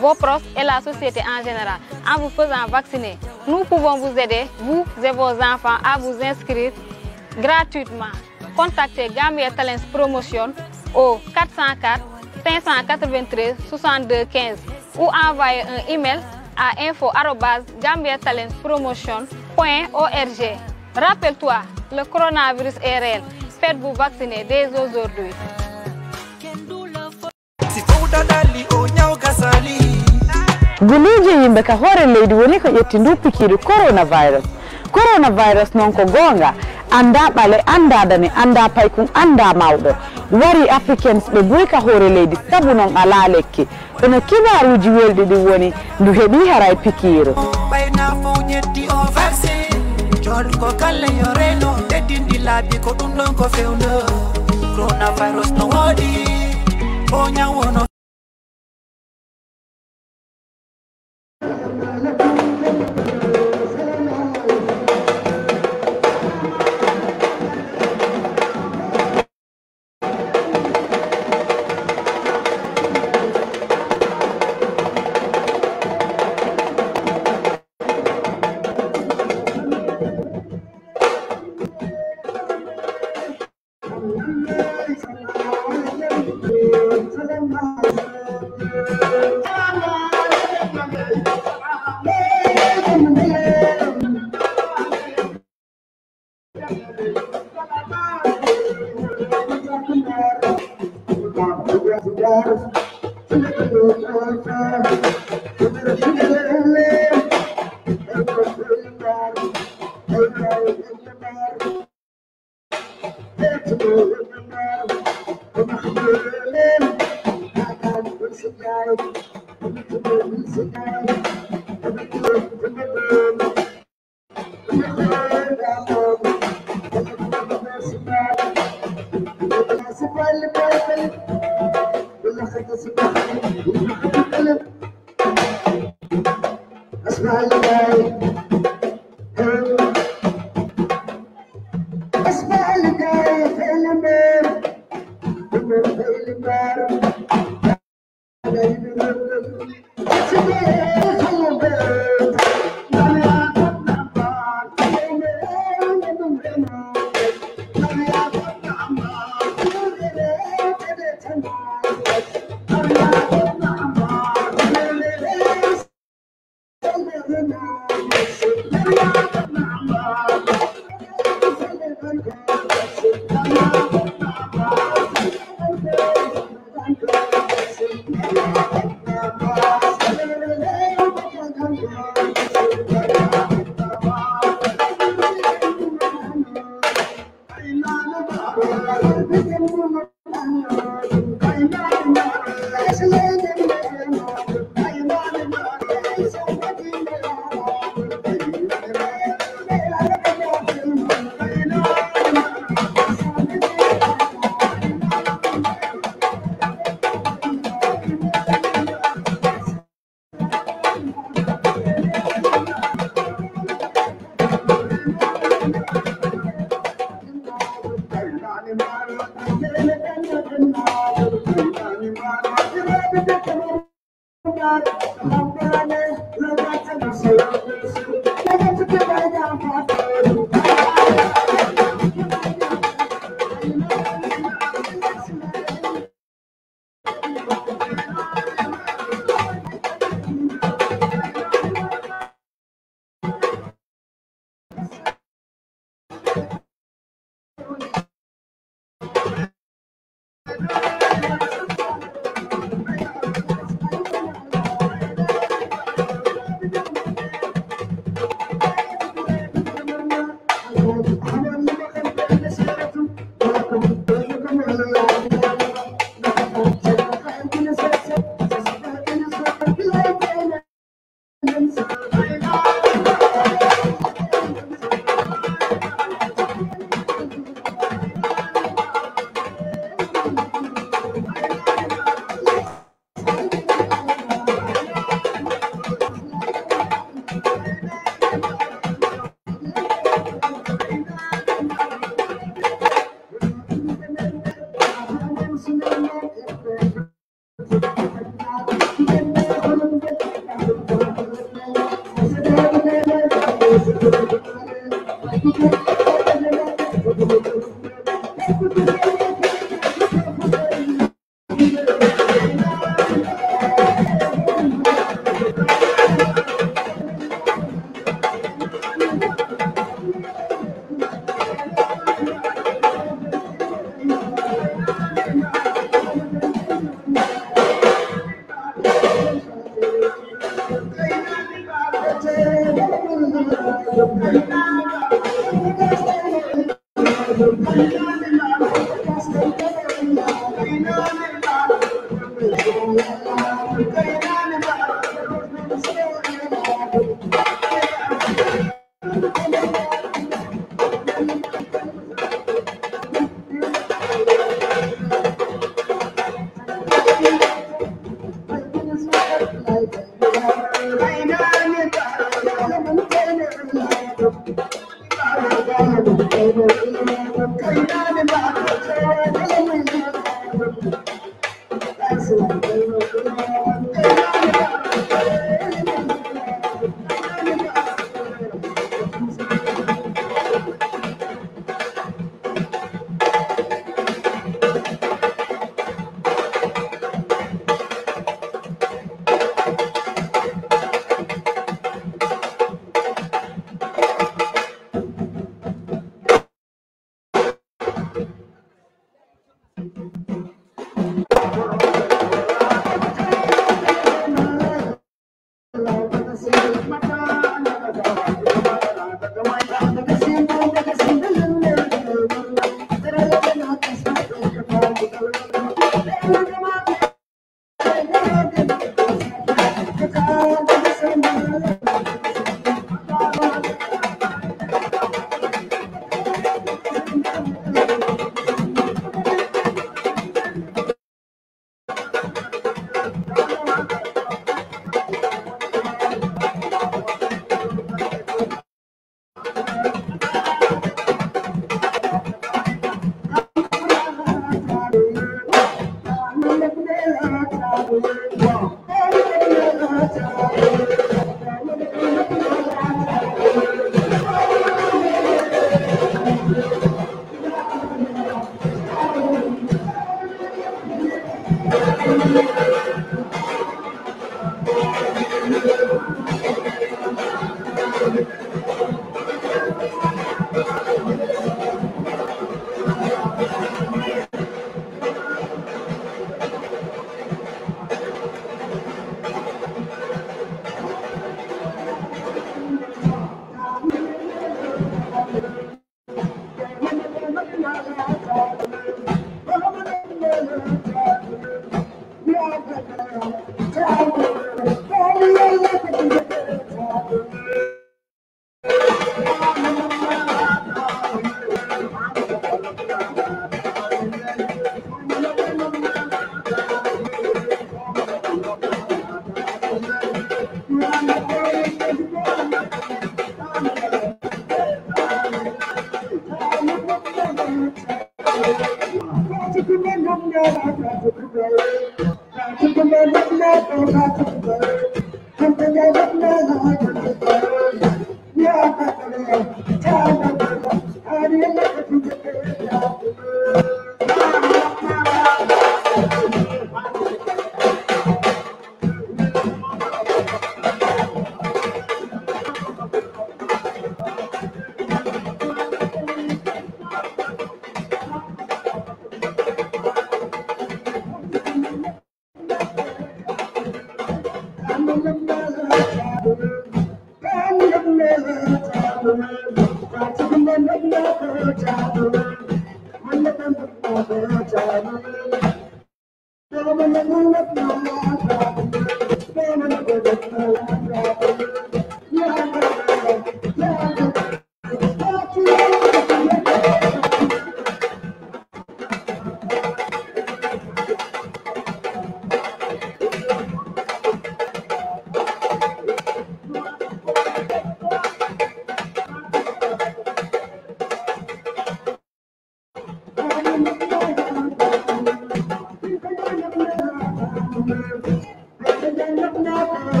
vos proches et la société en général. En vous faisant vacciner, nous pouvons vous aider, vous et vos enfants, à vous inscrire gratuitement. Contactez Gambia Talents Promotion au 404 593 62 15 ou envoyez un email à info.gambiatalentspromotion.org. Rappelle-toi, le coronavirus est réel. Faites-vous vacciner dès aujourd'hui. guliji yimɓe ka hoore leydi woni ko ƴetti ndu pikiiɗo coronavirus coronavirus noon ko goonga annda ɓale annda dane annda paykun annda mawɗo wari africans ɓe boyi ka hoore leydi sabu noon ala lekki ene kibaruji welɗi ɗin woni ndu heɓi haray pikiiru laabi ko ko coronavirus no o ñawono Amen. Amen.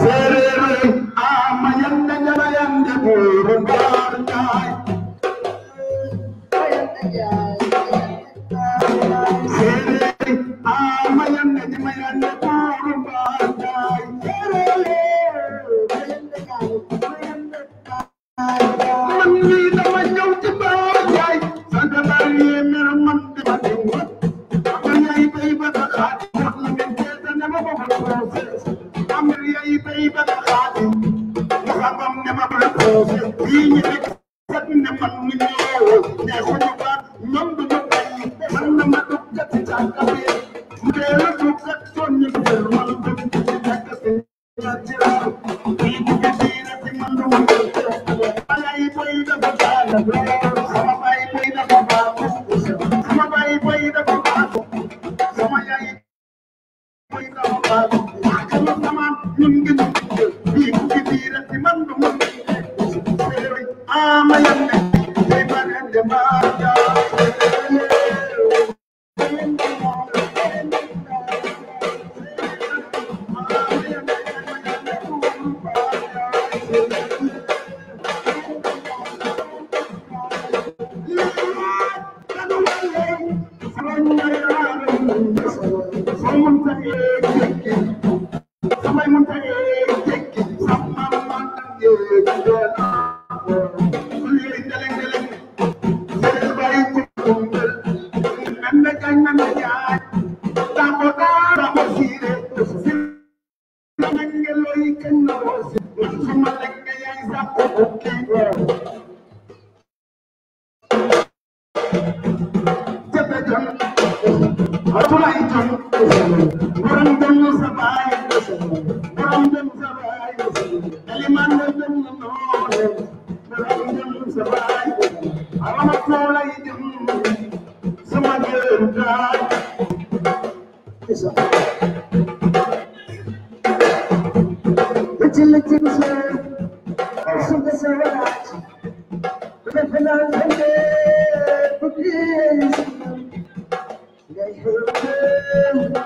Sere Deus.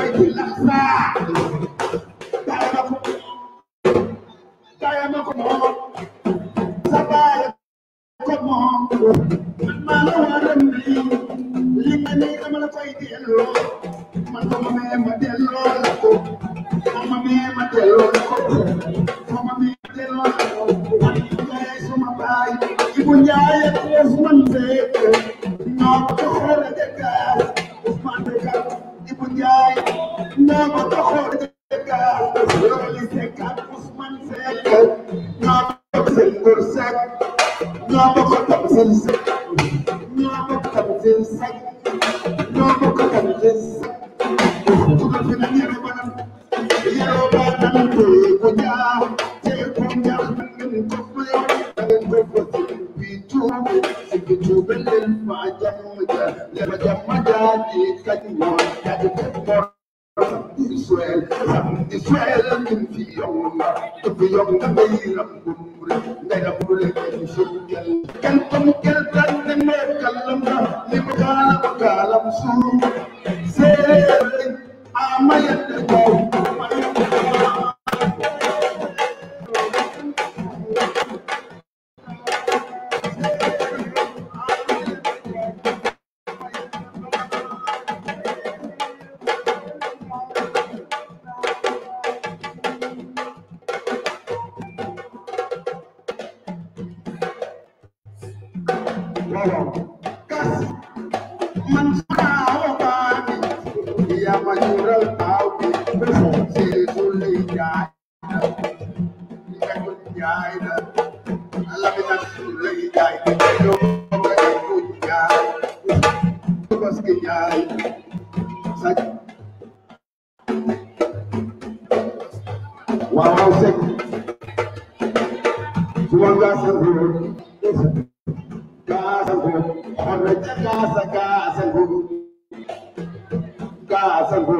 kasango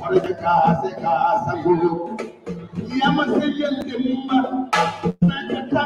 wanda ka sai kasango ya masallin dimma na ta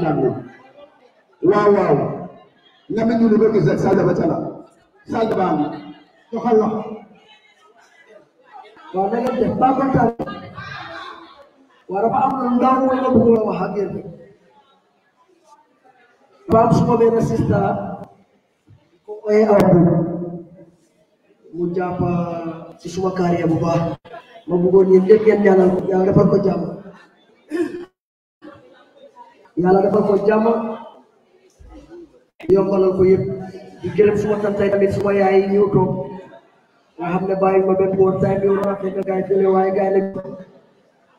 na Wow wow. wow, mel ni lu kita gis rek Sadio ba ca la Sadio baa ngi doxal la waaw na ngeen def baa kontaan waaw dafa am lu ndaw mooy nga bëgg la wax ak yéen dafa am yàlla defal ko jàmm yombalal ko yëpp di gërëm suma tantay tamit suma yaay yi ñëw toog nga xam ne bàyyi ma benn woon time yow naa fekk gaay fële waaye gaay lañ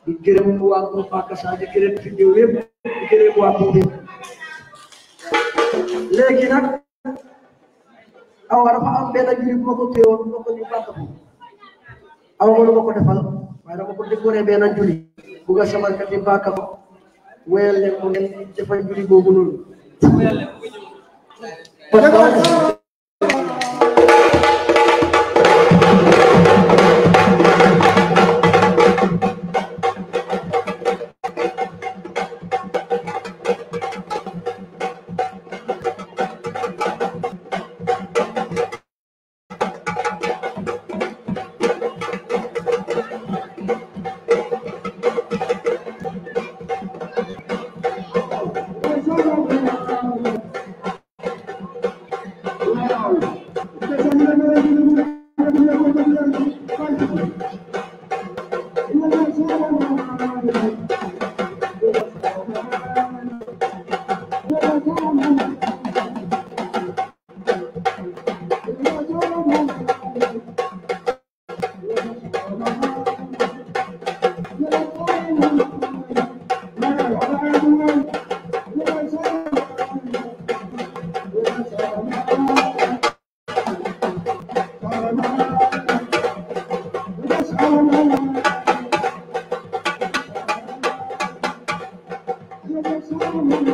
di gërëm waa groupe Pakasa di gërëm nag awa dafa am benn julli bu ma ko téewoon bu ma ko ñu bàkk ko awa waaye dama ko décoré benn julli bu nga samarkati bàkk ko wéyal leen ko ngeen defal julli boobu noonu. Thank you.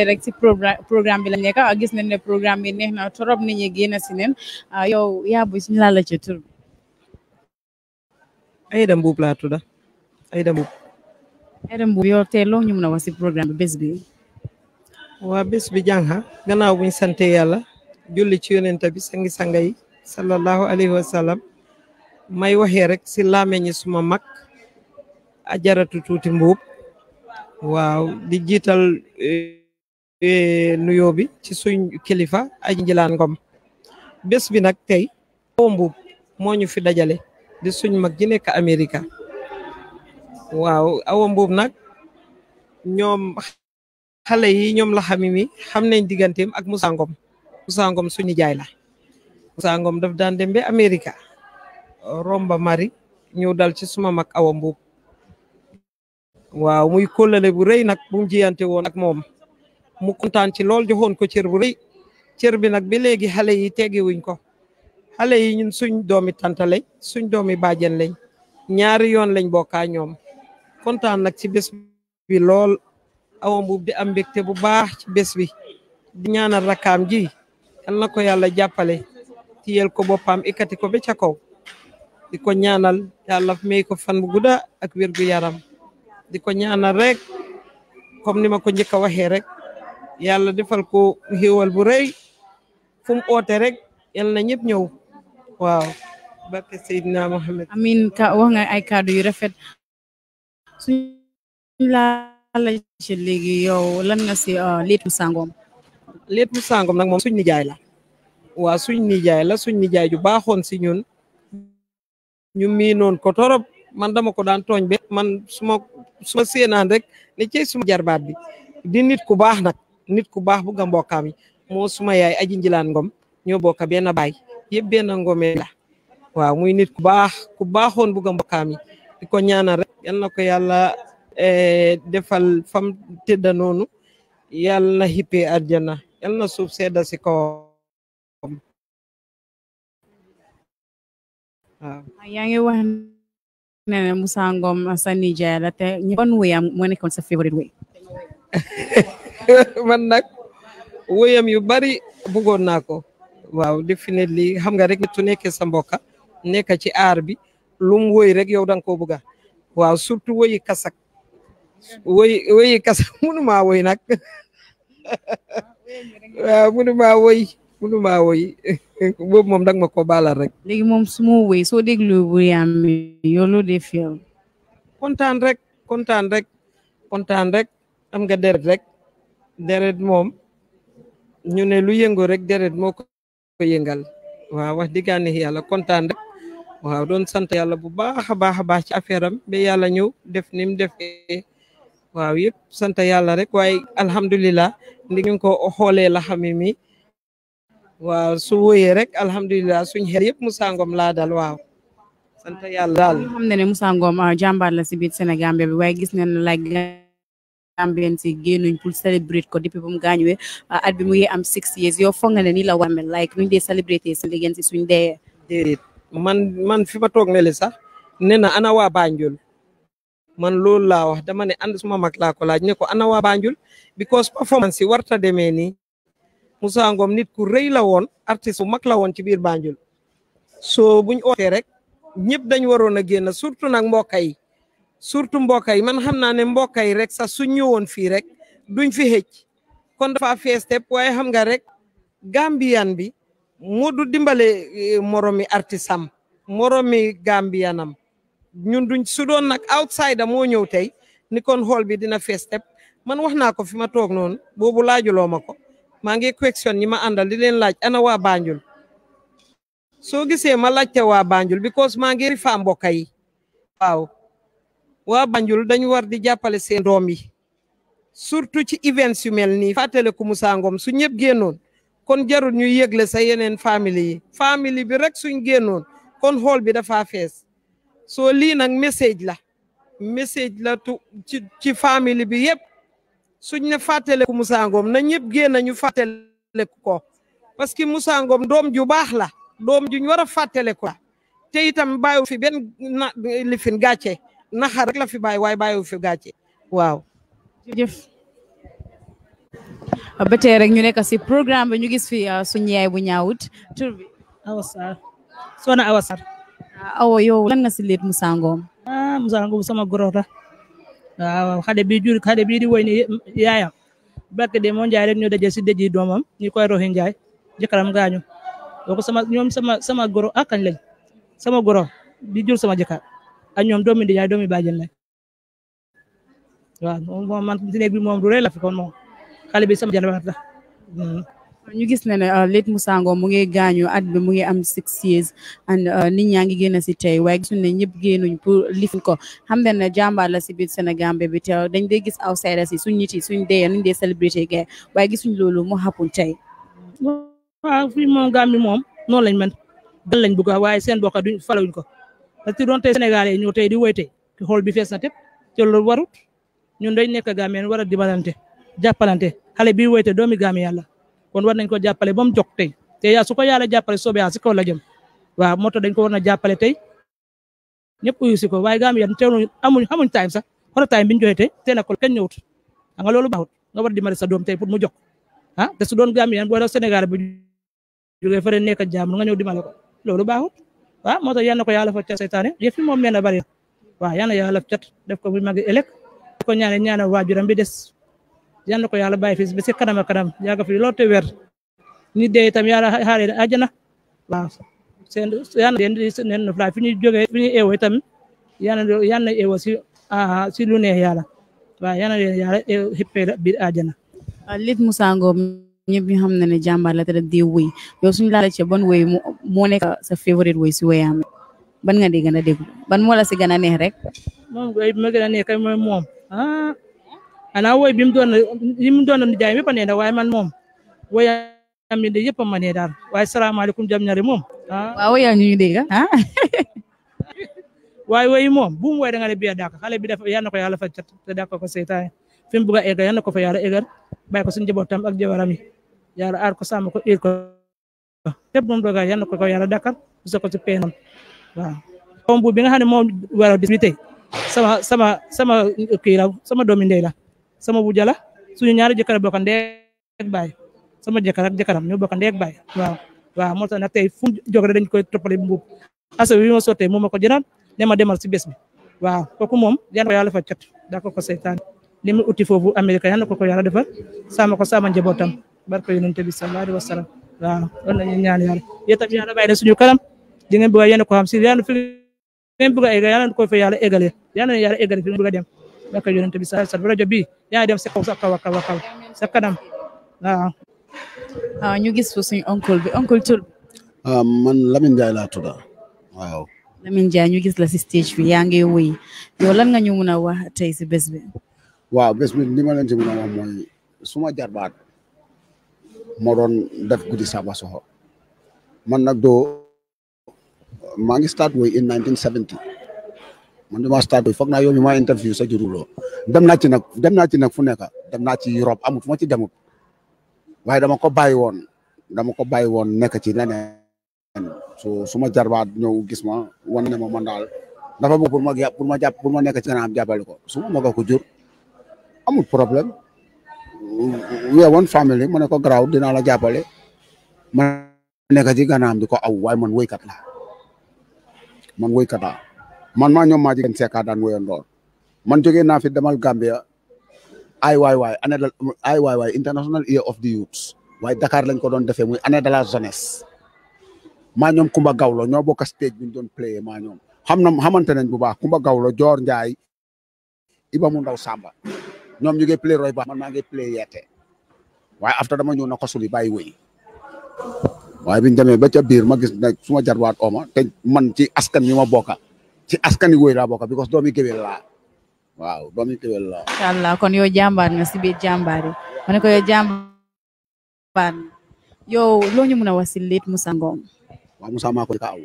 tey rek ci programme bi la nekk ah, gis nañ ne programme bi neex na torop nit ñi génn si neen ah, yow yaa bu suñu laa la ci tur bi Aida Mboup laa tudd Aida Mboup yow tey loo ñu mën a wax ci programme bi bés bi waa bés bi jànxa buñ sante yàlla julli ci yonent bi sangi sanga yi sallallahu alayhi wa may waxee rek ci làmmiñi suma mag ajaratu tuuti Mboup waaw di eh, Eh, nuyoo bi ci suñ kilifa Aji Njilaan Ngom bés bi nag tey Awa Mboup moo ñu fi dajale di suñ mag ji nekk Amérique waaw Awa Mboup nag ñoom xale yi ñoom la xami mi xam nañ digganteem ak Moussa Ngom Moussa Ngom suñu jaay la Moussa daf daan dem ba Amérique romba mari ñëw dal ci suma mag Awa Mboup waaw muy kóllale bu rëy nag bu mu jiyante woon ak moom mu kontaan ci lol joxoon ko cieur bu reuy cieur bi nak ba legi xale yi teggi wuñ ko xale yi ñun suñ doomi tante lay suñ doomi bàjjen lay ñaari yoon lañ bokkaa ñom nak ci bes bi lol awam bu di am mbégte bu baax ci bes bi di ñaanal rakam ji yal ko yalla jappalé tiyel ko bopam ikati ko be ca ko diko ñaanal may ko fan bu gudda ak yaram diko ñaanal rek comme nima ko ñëk waxé rek Yalla defal ko xéewal bu rëy fu mu oote rek yal na ñëpp ñëw waaw barke Seydina Mohamed amin ka wax nga ay kàddu yu rafet suñ la laajee léegi yow lan nga si leet bu sàngoom leet bu sàngoom nag moom suñ nijaay la waaw suñ nijaay la suñ nijaay ju baaxoon si ñun ñu miinoon ko torop man dama ko daan tooñ be man suma suma séenaan rek ne cey suma jarbaat bi di nit ku baax nag nit ku baax bugg a mbokkaam yi suma yaay aji njilaan ngom ñoo bokk benn baay yëpp benn ngomee la waaw muy nit ku baax ku baaxoon bugg a mbokkaam yi di ko ñaanal rek yàlla eh, defal fam tëdda noonu yàlla na xippee àjjana yal na suuf sedda si kawam waaw yaa ngi wax ne Musa Ngum sa nijaay la te ban wéyam moo sa favorite way man nag woyam yu bari bëggoon naa ko waaw definitely xam nga rek tu nekkee sa mbokka nekk ci aar bi lum woy rek yow danga koo bëgga waaw surtout woyi kasak woy woyi kasak mënuma woy nag waaw mënuma woy mënuma woy boobu moom danga ma ko baalal rek léegi moom su ma woy soo déglu wuyam yow loo dee feel rek kontaan rek kontaan rek am nga deret rek deret moom ñu ne lu yëngu rek deret moo ko yëngal waaw wax diggaane yàlla kontaan rek waaw doon sant yàlla bu baax a baax a baax ci affaire am ba yàlla ñëw def ni mu defee waaw yëpp sant yàlla rek waaye alhamdulilah ndi ñu ko xoole la xami mi su wóyee rek alhamdulilah suñ xel yëpp Musa Ngum laa dal waaw sant yàlla daal xam ne ne Musa Ngum ah, jàmbaar la si gis nañ la Gambien si génnuñ pour celebrate ko depuis bu mu gaañuwee ah, at bi mu ngi am six years yow foog nga la war a mel like nuñ si suñ dee déedéet man man fi ma toog ne le sax nee na ana man loolu laa wax dama ne and suma mag laa ko laaj ne ko ana waa Banjul because performance yi warta demee nii Musa nit ku rëy la woon artiste bu mag la woon ci biir Banjul so buñ ootee rek dañ waroon a surtout nag mbokk surtout mbokk yi man xam naa ne mbokk yi rek sax su ñëwoon fii rek duñ fi xëcc kon dafa fees tepp waaye xam nga rek gambiyan bi moo du dimbale eh, moromi artisam moromi gambiyanam ñun duñ sudoon doon nag outsider moo ñëw tey ni kon xool bi dina fees tepp man wax naa ko fi ma toog noonu boobu laajuloo ma ko maa ngi question ñi ma àndal di leen laaj ana waa Banjul soo gisee ma laajte waa Banjul because maa ngi rifaa mbokk yi waaw waa Banjul dañu war di jàppale seen doom yi surtout ci events yu mel nii fàttaliku Moussa Ngom su ñëpp génnoon kon jarul ñu yëgle sa yeneen famille yi famille bi rek suñ génnoon kon xool bi dafaa fees soo lii nag message la message la tu ci ci famille bi yëpp suñ ne fàttaliku ku Ngom na ñëpp génn ñu fàttaliku ko parce que Moussa doom ju baax la doom ju ñu war a fàttaliku la te itam bàyyi fi benn na lifin gàcce naxar rek la fi bayi way bayu fi gatché waw jërëjëf. ba té rek ñu nekk ci programme bi ñu gis fi ah, suñu yaay bu ñaawut tour bi. awasar. sona awasar ah, awo yow lan nga si lit Musa ah Musa sama goro waw xade bi jur xade bi di woy ni yaaya barke de mo ndjay rek ñu dajé ci dëji domam ñi koy rohi ndjay jëkaram gañu boko sama ñom sama sama goro akañ ah, lañ sama goro di jur sama jakar. ak ñoom doomi ndijaay doomi bàjjen lañ waaw moom man ci néeg bi moom du rëy la moom xale bi sama jënd la mm. ñu gis ne ne euh, Late Moussa Ngom mu ngi gaañu at bi mu ngi am six years and euh, nit ñaa ngi génn si tey waaye gisuñ ne ñëpp génnuñ pour lifin ko xam ne jàmbaar la si biir Sénégal bi teew dañ dee gis outsiders yi suñ nit yi suñ dee nuñ dee célébrité gay waaye gisuñ loolu mu xapul tey moom Gambie moom noonu lañ mën dal lañ bëgg waaye seen bokk ko parce que doon tey sénégalais ñëw tey di woyte xool bi fees na tëpp te loolu warut ñun dañ nekk Gambien war a dimbalante jàppalante xale bi woyte doomi Gambien la kon war nañ ko jàppale ba mu jog tey te yaa su ko yàlla jàppale soobee yaa si kaw la jëm waaw moo tax dañ ko war na jàppale tey ñëpp uyu si ko waaye Gambien teewul amuñ amuñ time sax xoolal time bi ñu joxe tey tey nag kenn ñëwut xam nga loolu baaxut nga war a dimbale sa doom tey pour mu jog ah te su doon Gambien boo doon Sénégal bi jógee fa nekk jàmm nga ñëw dimbale ko loolu baaxut waaw ah, moo tax yal na ko yàlla fa cat seytaane yëf yi moom nee na bari waaw yal na yàlla cat def ko bu mag ëllëg ko ñaane ñaane waajuram bi des yal na ko yàlla bàyyi fi ba si kanam a kanam fi lool te weer ñi dee itam yàlla xaare àjjana waaw seen yal na leen fi ñu jógee fi ñu eewoo itam yal yan yal na eewoo si ah, si lu neex yàlla waaw yal na leen yàlla xippee biir àjjana ñëpp ñu xam ne ne jàmbaar la te def di wéy yow suñu laala ci ban wéy moo nekk sa favorite wéy si wéyaam ban nga dégg na a déglu ban moo la si gën a neex rek moom wéy bi ma gën a neex kay mooy moom ah ana wéy bi mu doon yi mu doon jaay yëpp a neex waaye man moom wéyaam bi de yëpp a ma neex daal waaye salaamaaleykum jam ñari moom waaw wéyaam ñu ñu dégg ah waaye wéy moom bu mu wéy da nga ne biya dàkk xale bi dafa yal na ko yàlla ya fa cat te dàkk ko seytaane fi mu bëgg a eggal yal na ko fa yàlla ya eggal bàyyi ko suñu njabootam ak jabaram yi yàlla aar ko sàmm ko iir ko képp moom dogal yal na ko ko yàlla dakar bisa ko bi nga xam ne moom waral bis bi sama sama sama kii la sama doomi ndey la sama wujja la suñu ñaari jëkkër bokk ndey ak baay sama jëkkër ak jëkkëram ñoo bokk ndey ak baay waaw waaw moo tax nag fu jóg rek dañ koy toppale mbuub asa bi ma sottee moom ma ko jënal ne ma demal si bés mi waaw kooku moom yan ko yàlla fa cat daa ko ko seytaan li mu uti foofu Amérique yan ko sama njabootam barko yonente bi sallallahu alaihi wasallam waaw wannan ñu ñaan yalla Ya bi yalla bayna suñu kalam di ngeen bëgg yeen ko xam ci yalla fi ngeen bëgg egal yalla ko fa yalla egalé yalla yalla egalé fi bëgg dem barko yonente bi sallallahu alaihi wasallam rajo bi yaa dem ci kaw sa kaw kaw kaw sa kanam waaw ah ñu gis fu suñu oncle bi oncle tul ah man lamine jaay la tudda waaw lamine jaay ñu gis la ci stage bi yaa ngi wuy yow lan nga ñu mëna wax tay ci bes bi waaw bes bi ni ma leen ci mëna wax moy suma jarbaat moo doon def guddi Samba Soxo man nag doo maa ngi start woy in 1970 man damaa start woy foog naa yow ma interview sa juruloo dem naa ci nag dem naa ci nag fu nekk dem naa ci Europe amut fu ma ci demut waaye dama ko bàyyi woon dama ko bàyyi woon nekk ci leneen so su ma jarbaat ñëw gis ma wan ne ma man daal dafa bëgg pour ma pour ma jàpp pour ma nekk ci kanam jàppale ko su ma mag a ko jur amut problème weewoon famille ma ne ko garaaw dinaa la jàppale ma nekk ci gànnaam di ko aw waay man woykat laa man woykat laa man maa ñoom maa jigéen seeka daan woyandoor man jógee naa damal demal Gambia ay waay waay année ay waay waay international year of the youths waaye Dakar lañ ko doon defee muy année de la jeunesse maa ñoom Kumba Gawlo ñoo bokk stage bi ñu doon playé maa ñoom xam na xamante nañ bu baax Kumba Gawlo Joor Njaay Iba mu ndaw Samba ñom ñu ngi play Roy Ba man ma ngi play Yete way after dama ñu na ko suli bay way way biñu démé ba ca bir ma gis nak suma oma te man ci askan ñuma boka bokka ci askan yi way la bokka because domi géwél la waaw domi géwél la inshallah kon yo jambar nga ci bi jàmbaar yi ma ko yo jambar yo lo ñu mëna musang lit musa Ngom wa musa ma ko ka aw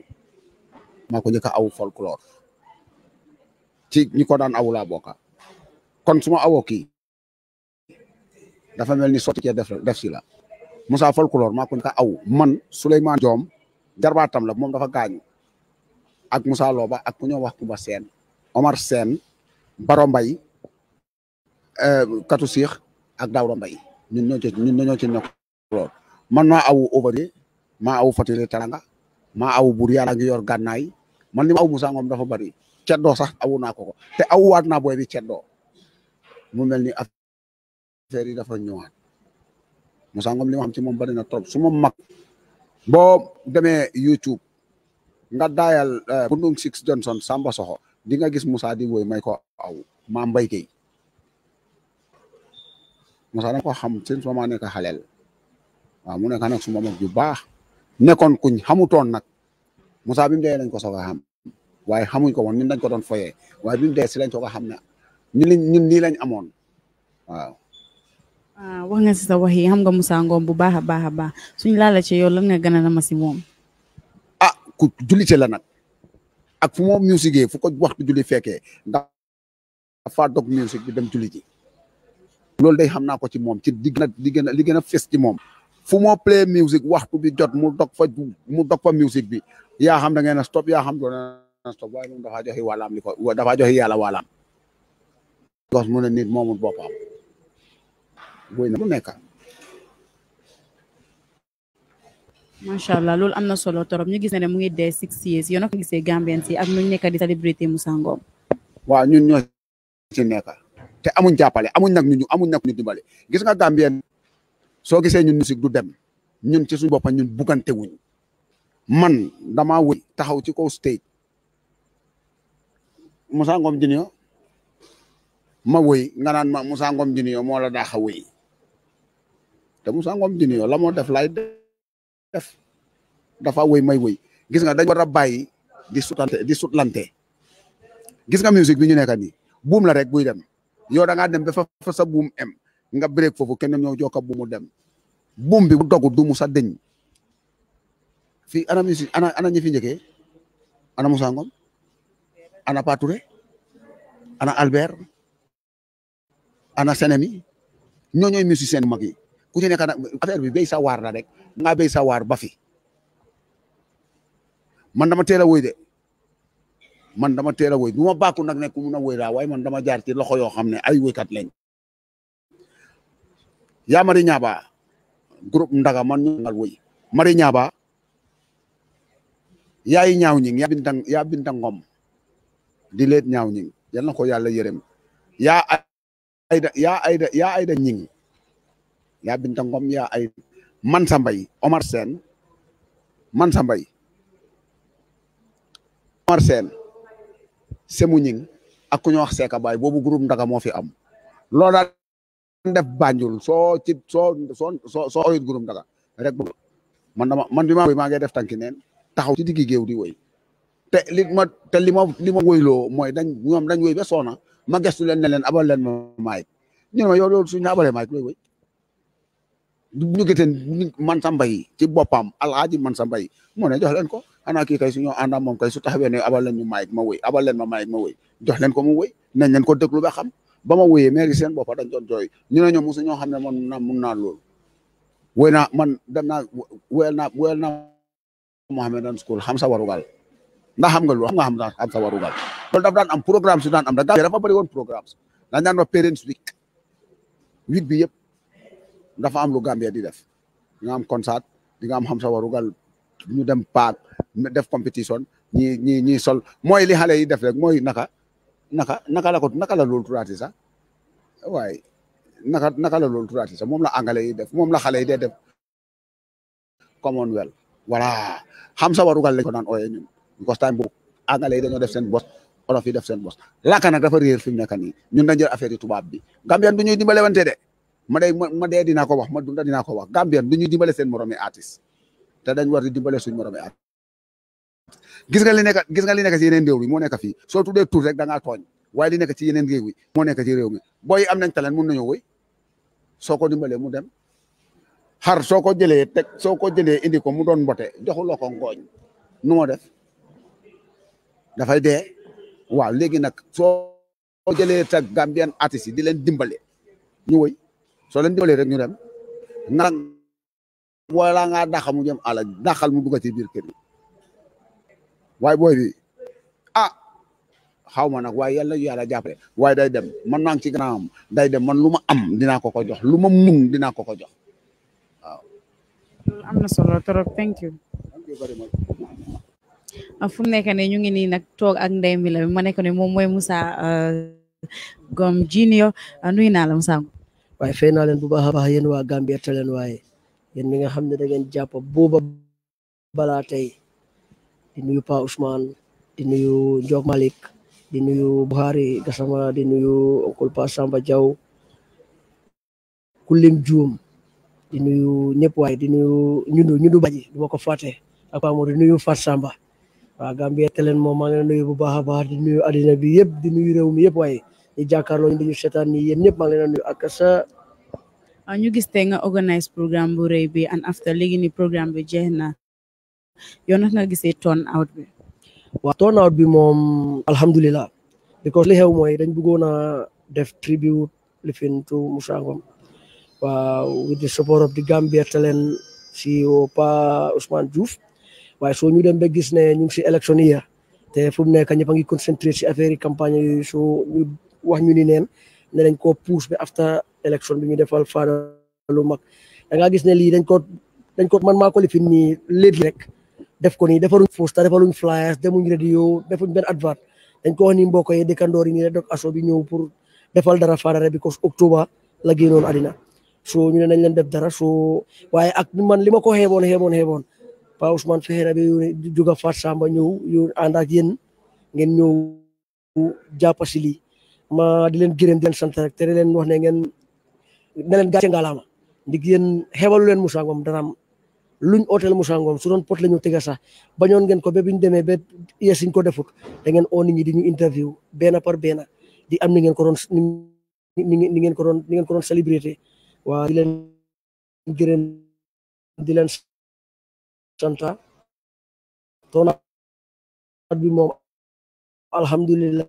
ko aw folklore ci ñi ko daan aw la bokka kon suma awo ki dafa melni soti ci def def ci la musa folklor ma ko aw man Souleymane Diom darbatam la mom dafa gañu ak musa Loba ak ku ñoo wax Kuba sen Omar Seen Baro Mbay euh, katou sheikh ak dawro Mbay ñun ñoo ci ñun ñoo ci nekk lor man maa awu Obade ma awu Fatile Taranga ma awu bur Yàlla ngi yor gannaay man ni ma aw Moussa moom dafa bari ceddoo sax awu naa ko te te wat na boy bi ceddoo mu mel ni affaire yi dafa ñëwaat Moussa Ngom li ma xam ci moom bari na trop su ma mag boo demee YouTube nga daayal Bundung eh, Six Johnson Samba Soxo di nga gis Moussa di woy may ko aw maa mbay kay Moussa dama ko xam seen su ma nekk xaleel waaw mu nekka nag su ma mag ju baax nekkoon kuñ xamutoon nag Moussa bi mu dee lañ ko soog a xam waaye xamuñ ko woon ñun dañ ko doon foyee waaye bi dee si lañ soog xam na ñu liñ ñun lii lañ amone waaw ah, wax nga sa wax xam nga Musa ngom bu baaxa baaxa baax a suñ ci yow lan nga gën a nama mom ah ku julli ci la nak ak fu moom musique fu ko waxtu julli fekkee ndax fa dog musique bi dem julli ji loolu day xamna ko ci mom ci di gën li gëna fess ci mom fu mo play music waxtu bi jot mu dog fa mu dog fa music bi Ya xam da ngay na stop ya xam do na stop way moom dafa joxe walam liko dafa joxe yalla walam gos mo ne nit moomul boppam boy na mu nekk sha allah lol amna solo torop ñu gis na ne mu ngi dé six years yo nak ko Gambien si ak ñu nekk di célébrité Musa Ngum wa ñun ñoo ci nekk té amuñ jappalé amuñ nak ñu amuñ nak ñu dimbale gis nga Gambien So gisé ñun musique du dem ñun ci suñu boppam ñun buggante wuñ man dama wëy taxaw ci kaw stage Junior ma woy nga naan ma Moussa Ngom Junior moo la daax a woy te Moussa Ngom la moo def lay def dafa woy may woy gis nga dañ war bàyyi di sutante di gis nga musique bi ñu nekk nii buum la rek buy dem yow da dem ba fa fa em nga break foofu kenn ñoo jokka buumu dem buum bi bu dogu du mu sa deñ fii ana musique ana ana ñi fi njëkkee ana Moussa ana Paturé ana Albert ana senem yi ñoo ñoy musicien sen magi ku ci nek nag affaire bi béy sa war la rek nga béy sa war ba fi man dama téla woy de man dama téla woy duma baku nak nek mu na woy ra way man dama jaar ci loxo yo xamné ay ay kat lañ ya mari ñaba groupe ndaga man ñu ngal woy mari ñaba yaay ñaaw ñing ya bintang ya bintang ngom di leet ñaaw ñing ko Aida ya, Aida ya Aida Ñing ya Binta Ngom yaa ay man sa mbay Omar sen, man sa mbay Omar sen, Semu Ñing ak ku ñu wax seka bay bobu groupe ndaga mo fi am lo da def Banjul soo ci so so so oyut groupe ndaga rek man dama man bi ma ngay def tanki neen taxaw ci diggi géew di woy te li ma te li ma li ma lo moy dañ ñom dañ woy be sona ma gestu leen ne leen abal leen ma maayik ñu ne ma yow loolu suñu abalee maayik looy wéy ñu gëteen man sa mbay ci boppam alaaji man sa mbay moo ne jox leen ko xanaa kii kay suñu ànda moom su taxawee ne abal leen ñu maayik woy wéy abal leen ma maayik ma wéy jox leen ko mu woy nañ leen ko lu ba xam ba ma wéyee maire seen boppa dañ doon jooy ñu ne ñoom mosu ñoo xam ne moon na naa mun naa loolu wéy naa man dem na wéyal na wéyal naa Mohammedan school xam sa warugal ndax xam nga lu xam nga xam am sa warugal loolu daf daan am programme su daan am a dafa bëri woon programme dañ daan wax parents week week bi yëpp dafa am lu Gambia di def di nga concert di nga am xam sa warugal ñu dem paak def compétition ni ñi ñi sol mooy li xale yi def rek mooy naka naka naka la ko naka la loolu turaati sax waaye naka naka la loolu turaati sax moom la anglais yi def moom la xale yi dee def commonwealth voilà xam sa warugal lañ ko daan ooyee ñun ngostaan bu angale yi dañoo def seen bos olof yi def seen bos laaka nag dafa réer fi mu nekk nii ñun dañ jël affaire yi tubaab bi Gambien du ñuy dimbale wante de ma day ma ko wax ma dunda dinaa ko wax Gambien du ñuy dimbale seen moromi artiste te dañ war di dimbale suñ moromi artiste gis nga li ka gis nga li nekk ci yeneen réew mi moo nekk fi soo tuddee tur rek da ngaa tooñ waaye li nekk ci yeneen réew yi moo nekk ci réew mi booy yi am nañ talent mun nañoo woy soo ko dimbalee mu dem xar soo ko jëlee teg soo ko jëlee indi ko mu doon mbote joxuloo ko ngooñ nu moo def dafay de waaw léegi nag soo jëlee ta Gambian artistes di leen dimbale ñu woy soo leen dimbalee rek ñu dem nag wala ngaa daxal mu jëm àll daxal mu bugg ci biir kër yi waaye booy bi ah xaw ma nag waaye yàlla yàlla jàppale waaye day dem man maa ngi ci gannaawam day dem man lu ma am dinaa ko ko jox lu ma mun dinaa ko ko jox fum mu nekk ne ñu ngi ni nak tok ak ndey mi la bi ma nekk ne moom mooy Moussa euh, gom Junior euh, nuy na la Moussa way waaye fay naa bu baax a baax yéen waa Gambia len way yeen mi nga xamne da ngeen jàpp booba bala tay di nuyu Pa Ousmane di nuyu jog malik di nuyu Buhari Gassama di nuyu oncle Pa Samba jaw kulim joom di nuyu ñëpp way di nuyu ñundu ñundu baaji du ma ko fàtte ak Pa Modou di nuyu Fat Samba wa ah, Gambia telen mo maa ngi nuyu bu baax di nuyu adina bi yeb di nuyu rew mi yeb way di jakarlo ni di ñu seetaan nii yéen ñëpp nuyu ak sa ah, ñu gis te nga organize programme bu rëy bi and after legi ni programme bi jehna na nak nga gisee turn out bi wa turn out bi mom alhamdullilah because li xew moy dañ bëggoon def tribute fin to Musa wa with the support of the Gambia Talents CEO Pa Ousmane Diouf so so ñu dem ba gis ne ñu ci si élection yi te fu mu nekk ñepp a ngi concentré ci affaire campagne yi so ñu wax ñu ni neen ne dañ ko push bi after election bi ñu defal fara lu mak da nga gis ne li dañ ko dañ ko man maa ko lifin ni léegi rek def ko nii defaluñ posta defaluñ flyers demuñ radio defuñ ben advert dañ ko wax ni mbokk yi dëkkandoor ni dok rek aso bi ñew pour defal dara faada rek because octobre la gënon adina, so ñu ne nañ leen def dara so waye ak man lima ko hebon hebon hebon Pa Ousmane fexe na ba jóg a Samba ñëw yu ànd ak yéen ngeen ñëw jappasi li ma di len gërem di len sant rek te len wax ne ngeen ne leen gàcce ngalaama ndig yéen xewalu len Moussa Ngom dara luñ otel Moussa Ngom su doon pot lañu ñu sax bañoon ngeen ko be biñ démé be yeesiñ ko defut da ngeen oo nit ñi di ñu interview bena par bena di am ni ngeen ko doon ni ngeen ko doon ni ngeen ko doon célébrité wa di len gërem di santa tona bi mom alhamdulillah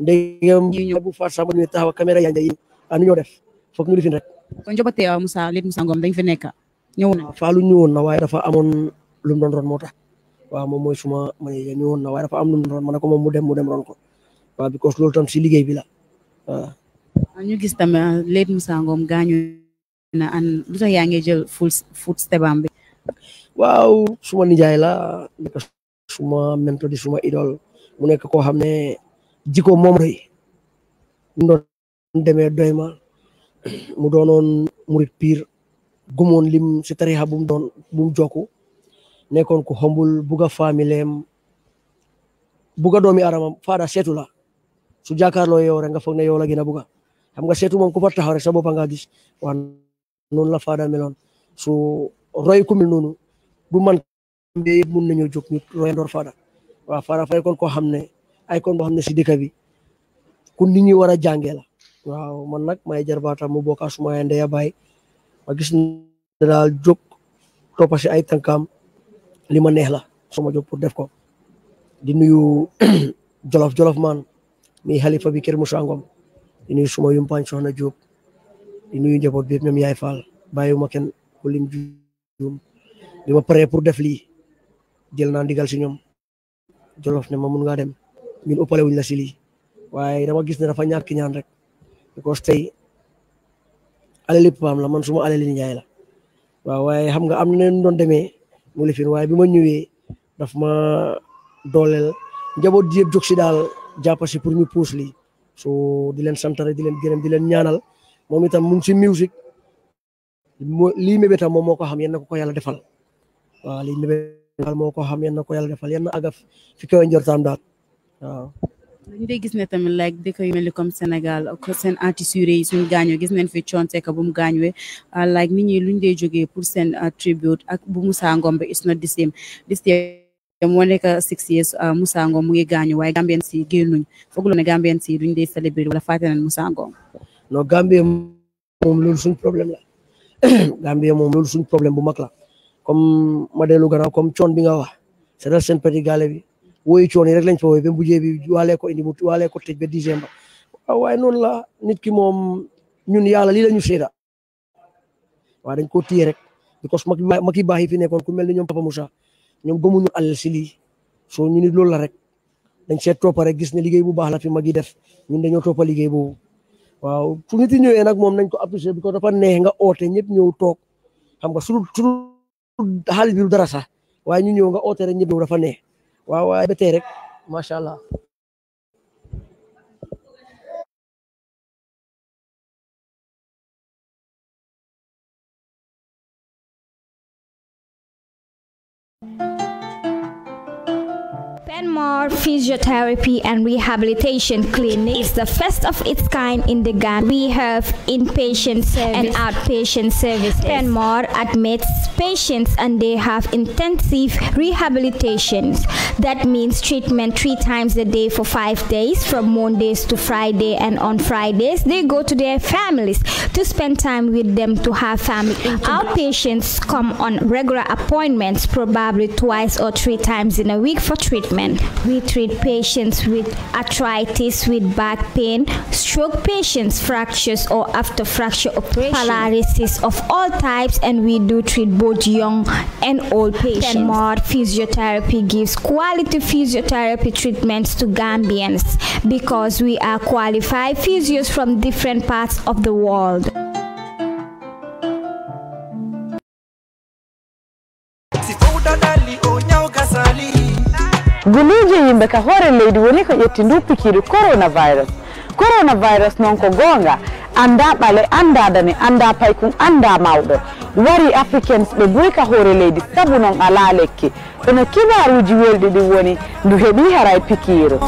ndegam yi ñu bu faat sama ñu taxaw caméra ya ngi anu ñu def fokk ñu lifin rek kon njobate musa Lit musa Ngom dañ fi nekk ñew na lu ñewon na way dafa amon lu mu don ron motax wa mom moy suma may ñewon na way dafa am lu mu don man ko mom mu dem mu dem ron ko bi ko lu tam ci liggey bi la ñu gis tam Lit musa Ngom gañu na an lu yaa ngi jël full foot step bi waaw suma nijaay la suma mentor di suma idol mu nekk koo xam ne jiko moom rëy ndoon demee doy ma mu doonoon murit piir gumoon lim si tarixa bum doon bum jokku nekkoon ku xombul buga faamileem buga doomi aramam fa seetu la su jàkkaarloo yow rek nga foog ne yow la gën a buga xam nga seetu moom ku fa taxaw rek nga gis noonu la Fada meloon so roy ku mel noonu du man mun nañoo jóg ñu royandoor Fada waaw Fada Faye kon koo xam ne ay kon boo xam ne si dëkk bi ku nit ñi war a jàngee la waaw man nag may jarbaata mu bokk suma ndeya baay ma gis ne daal jóg toppa si ay tànkaam li ma neex la suma jóg pour def ko di nuyu jolof jolof man mi xalifa bi kër Musa Ngum di nuyu suma yumpaañ soxna di nuyu njabot bi ñom yaay faal bayuma kulim ko lim juum bi ma paree pour def li jël na ndigal ci ñom jollof ne ma mën nga dem ñun uppale wuñ la ci li waye dama gis ne dafa ñak ñaan rek stay tey alali pam la man suma li ñay la waaw waye xam nga am na ñu doon démé mu li bi bima ñëwé daf ma dolel njabot ji yëpp jóg si pour ñu pousse li so di len santare di len gërem di len ñaanal moom itam mu ngi ci music lii mébétam moom moo ko xam yal na ko ko yàlla defal waaw lii moo ko xam yal na ko yàlla defal yal na àgg fi kawe njortaam daal waaw. dañu gis ne tamit like dëkk yu mel ni comme Sénégal ak seen artistes yu rëy suñ gis nañ fi Thione Seck bu mu gaañwee ah, like nit ñi luñ dee jógee pour seen ah, tribute ak bu Moussa Ngom bi it's not the same this year moo nekk six years ah, Moussa Ngom mu ngi gaañu waaye Gambien si génnuñ foog loo ne Gambien si duñ dee célébrer wala fàtte nañ Moussa Ngom non Gambie moom loolu suñ problème la moom loolu suñ problème bu mag la comme ma dellu gannaaw comme coon bi nga wax seetal seen petit gaale bi wooyu coon yi rek lañ fa wooyu ba bujee bi waalee ko indi mu waalee ko tëj ba décembre waaye noonu la nit ki moom ñun yàlla lii la ñu seeda waaye dañ koo téye rek because mag mag yi baax yi fi nekkoon ku mel ni ñoom Papa Moussa ñoom gëmuñu àll si lii soo ñu nit loolu la rek dañ seet toppa gis ne liggéey bu baax la fi mag yi def ñun dañoo toppa liggéey boobu waaw su nit yi ñëwee nag moom nañ ko apprécier bi ko dafa neex nga oote ñëpp ñëw toog xam nga su dul xaalis bi du dara sax waaye ñu ñëw nga oote rek ñëpp ñëw dafa neex waaw waaye ba tey rek macha allah. Myanmar Physiotherapy and Rehabilitation Clinic is the first of its kind in the Ghana. We have inpatient service and outpatient services. Myanmar admits patients and they have intensive rehabilitations. That means treatment three times a day for five days from Mondays to Friday and on Fridays they go to their families to spend time with them to have family. Outpatients come on regular appointments probably twice or three times in a week for treatment. We treat patients with arthritis, with back pain, stroke patients, fractures or after fracture operation, paralysis of all types, and we do treat both young and old patients. Denmark Physiotherapy gives quality physiotherapy treatments to Gambians because we are qualified physios from different parts of the world. guluji ka hore leydi woni ko ƴettindu pikiiɗo coronavirus coronavirus noon ko gonga annda ɓale annda dane annda paykum annda mawɗo wari africans ɓe boyka hoore leydi sabu noon ala lekki kono kibaruji welɗi ɗin woni ndu heeɓi haray pikiru